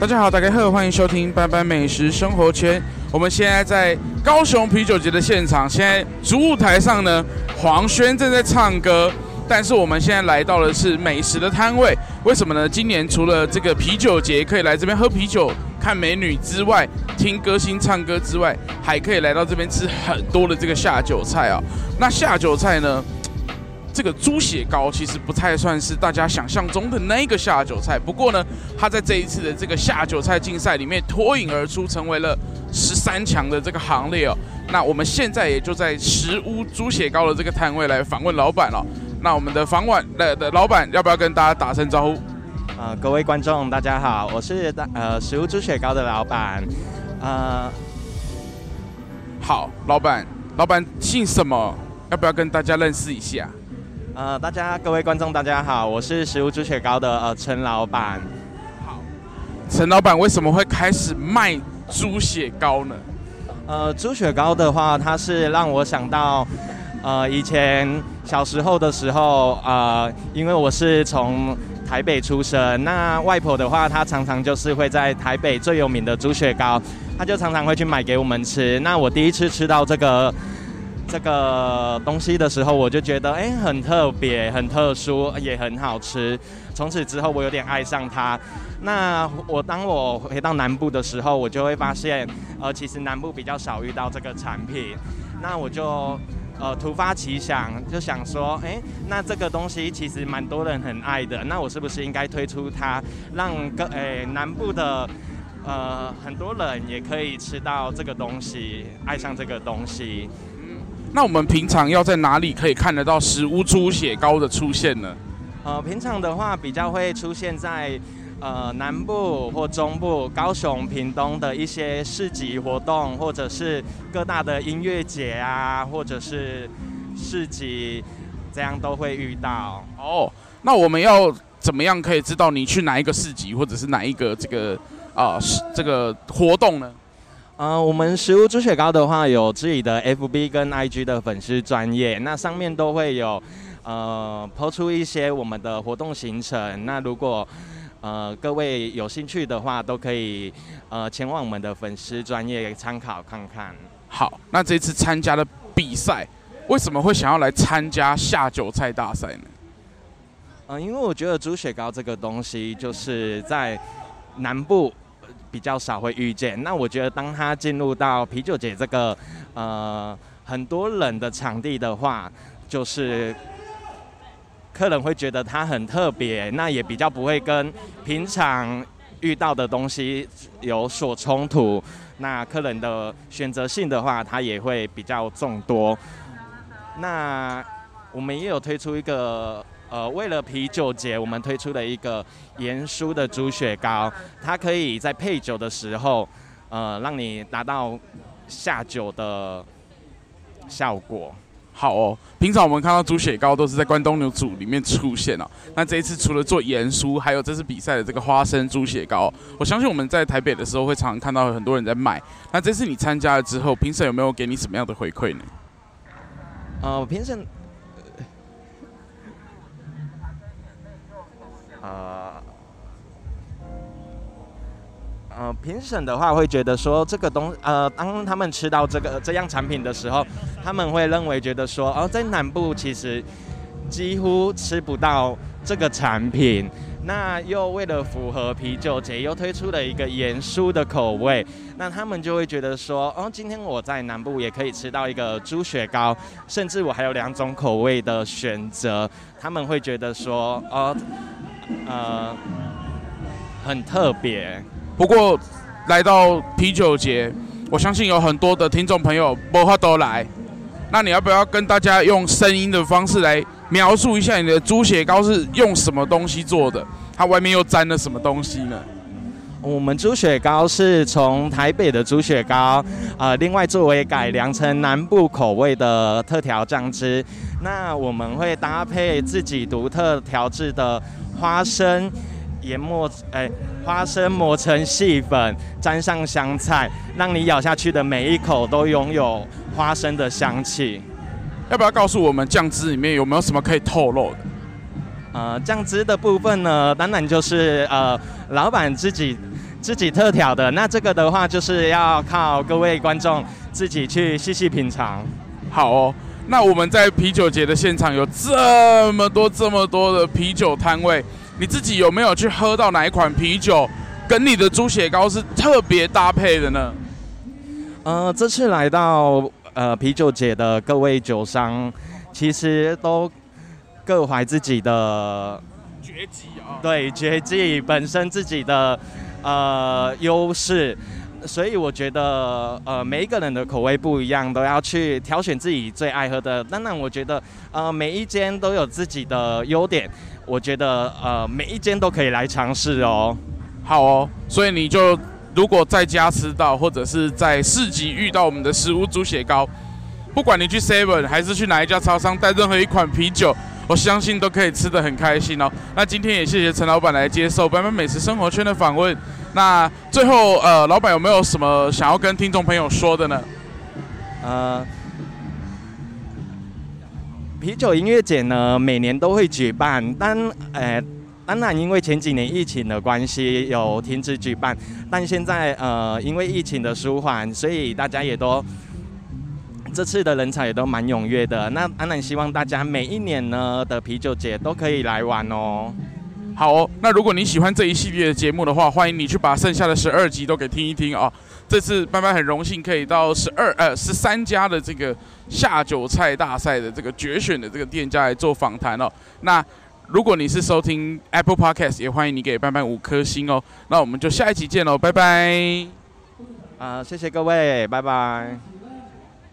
大家好，大家好，歡迎收聽《班班美食生活圈》。我們現在在高雄啤酒節的現場，現在主舞台上呢，黃軒正在唱歌。但是我們現在來到的是美食的攤位，為什麼呢？今年除了這個啤酒節可以來這邊喝啤酒、看美女之外，聽歌星唱歌之外，還可以來到這邊吃很多的這個下酒菜啊、哦。那下酒菜呢？這個豬血糕其實不太算是大家想象中的那個下酒菜，不過呢，它在這一次的這個下酒菜競賽裡面脫穎而出，成為了十三強的這個行列哦。那我們現在也就在十 ㄨ 豬血糕的這個攤位來訪問老板了、哦。那我們的訪問的的老板要不要跟大家打聲招呼？啊、呃，各位觀眾大家好，我是大呃十 ㄨ 豬血糕的老板。啊、呃，好，老板，老板姓什麼？要不要跟大家認識一下？呃，大家各位觀眾，大家好，我是十 ㄨ 豬血糕的呃陳老闆。好，陳老闆為什麼會開始賣豬血糕呢？呃，豬血糕的話，它是讓我想到，呃，以前小時候的時候，呃，因為我是從台北出生，那外婆的話，她常常就是會在台北最有名的豬血糕，她就常常會去買給我們吃。那我第一次吃到這個。這個東西的時候，我就覺得誒，很特別，很特殊，也很好吃。從此之後，我有點愛上它。那我當我回到南部的時候，我就會發現，呃，其實南部比較少遇到這個產品。那我就呃突發奇想，就想說，誒，那這個東西其實蠻多人很愛的。那我是不是應該推出它，讓各誒南部的呃很多人也可以吃到這個東西，愛上這個東西。那我們平常要在哪裡可以看得到十 ㄨ 豬血糕的出現呢？呃，平常的話比較會出現在呃南部或中部，高雄、屏東的一些市集活動，或者是各大的音樂節啊，或者是市集，這樣都會遇到。哦，那我們要怎麼樣可以知道你去哪一個市集，或者是哪一個這個啊、呃、這個活動呢？呃，uh, 我們十 ㄨ 豬血糕的話，有自己的 F B 跟 I G 的粉絲專頁，那上面都會有，呃，拋出一些我們的活動行程。那如果呃各位有興趣的話，都可以呃前往我們的粉絲專頁參考看看。好，那這次參加的比賽，為什麼會想要來參加下酒菜大賽呢？嗯，uh, 因為我覺得豬血糕這個東西，就是在南部。比較少會遇見。那我覺得，當他進入到啤酒節這個，呃，很多人的場地的話，就是客人會覺得他很特別，那也比較不會跟平常遇到的東西有所衝突。那客人的選擇性的話，他也會比較眾多。那我們也有推出一個。呃，為了啤酒節，我們推出了一個鹽酥的豬血糕，它可以在配酒的時候，呃，讓你達到下酒的效果。好哦，平常我們看到豬血糕都是在關東牛煮裡面出現了啊。那這一次除了做鹽酥，還有這次比賽的這個花生豬血糕，我相信我們在台北的時候會常常看到很多人在賣。那這次你參加了之後，評審有沒有給你什麼樣的回饋呢？呃，評審。呃，呃，評審的話會覺得說這個東，呃，當他們吃到這個這樣產品的時候，他們會認為覺得說，哦，在南部其實幾乎吃不到這個產品，那又為了符合啤酒節又推出了一個鹽酥的口味，那他們就會覺得說，哦，今天我在南部也可以吃到一個豬血糕，甚至我還有兩種口味的選擇，他們會覺得說，哦。呃，uh, 很特別。不過來到啤酒節，我相信有很多的聽眾朋友、播客都來。那你要不要跟大家用聲音的方式來描述一下你的豬血糕是用什麼東西做的？它外面又沾了什麼東西呢？我們豬血糕是從台北的豬血糕，呃，另外作為改良成南部口味的特調醬汁，那我們會搭配自己獨特調制的花生研磨，哎、欸，花生磨成細粉，沾上香菜，讓你咬下去的每一口都擁有花生的香氣。要不要告訴我們醬汁裡面有沒有什麼可以透露的？呃，醬汁的部分呢，當然就是呃，老闆自己。自己特挑的，那這個的話就是要靠各位觀眾自己去細細品嘗。好哦，那我們在啤酒節的現場有這麼多這麼多的啤酒攤位，你自己有沒有去喝到哪一款啤酒跟你的豬血糕是特別搭配的呢？呃，這次來到呃啤酒節的各位酒商，其實都各懷自己的絕技啊。對，絕技本身自己的。呃，優勢，所以我覺得，呃，每一個人的口味不一樣，都要去挑選自己最愛喝的。那那我覺得，呃，每一間都有自己的優點，我覺得，呃，每一間都可以來嘗試哦。好哦，所以你就如果在家吃到，或者是在市集遇到我們的十 ㄨ 豬血糕，不管你去 Seven 還是去哪一家超商，帶任何一款啤酒。我相信都可以吃得很開心哦。那今天也謝謝陳老闆來接受班班美食生活圈的訪問。那最後，呃，老闆有沒有什麼想要跟聽眾朋友說的呢？呃，啤酒音樂節呢，每年都會舉辦，但，呃，當然因為前幾年疫情的關係有停止舉辦，但現在，呃，因為疫情的舒緩，所以大家也都。這次的人才也都蠻踴躍的，那當然希望大家每一年呢的啤酒節都可以來玩哦。好哦，那如果你喜歡這一系列的節目的話，歡迎你去把剩下的十二集都給聽一聽哦。這次班班很榮幸可以到十二呃十三家的這個下酒菜大賽的這個決選的這個店家來做訪談哦。那如果你是收聽 Apple Podcast，也歡迎你給班班五顆星哦。那我們就下一集見嘍，拜拜。啊、呃，謝謝各位，拜拜。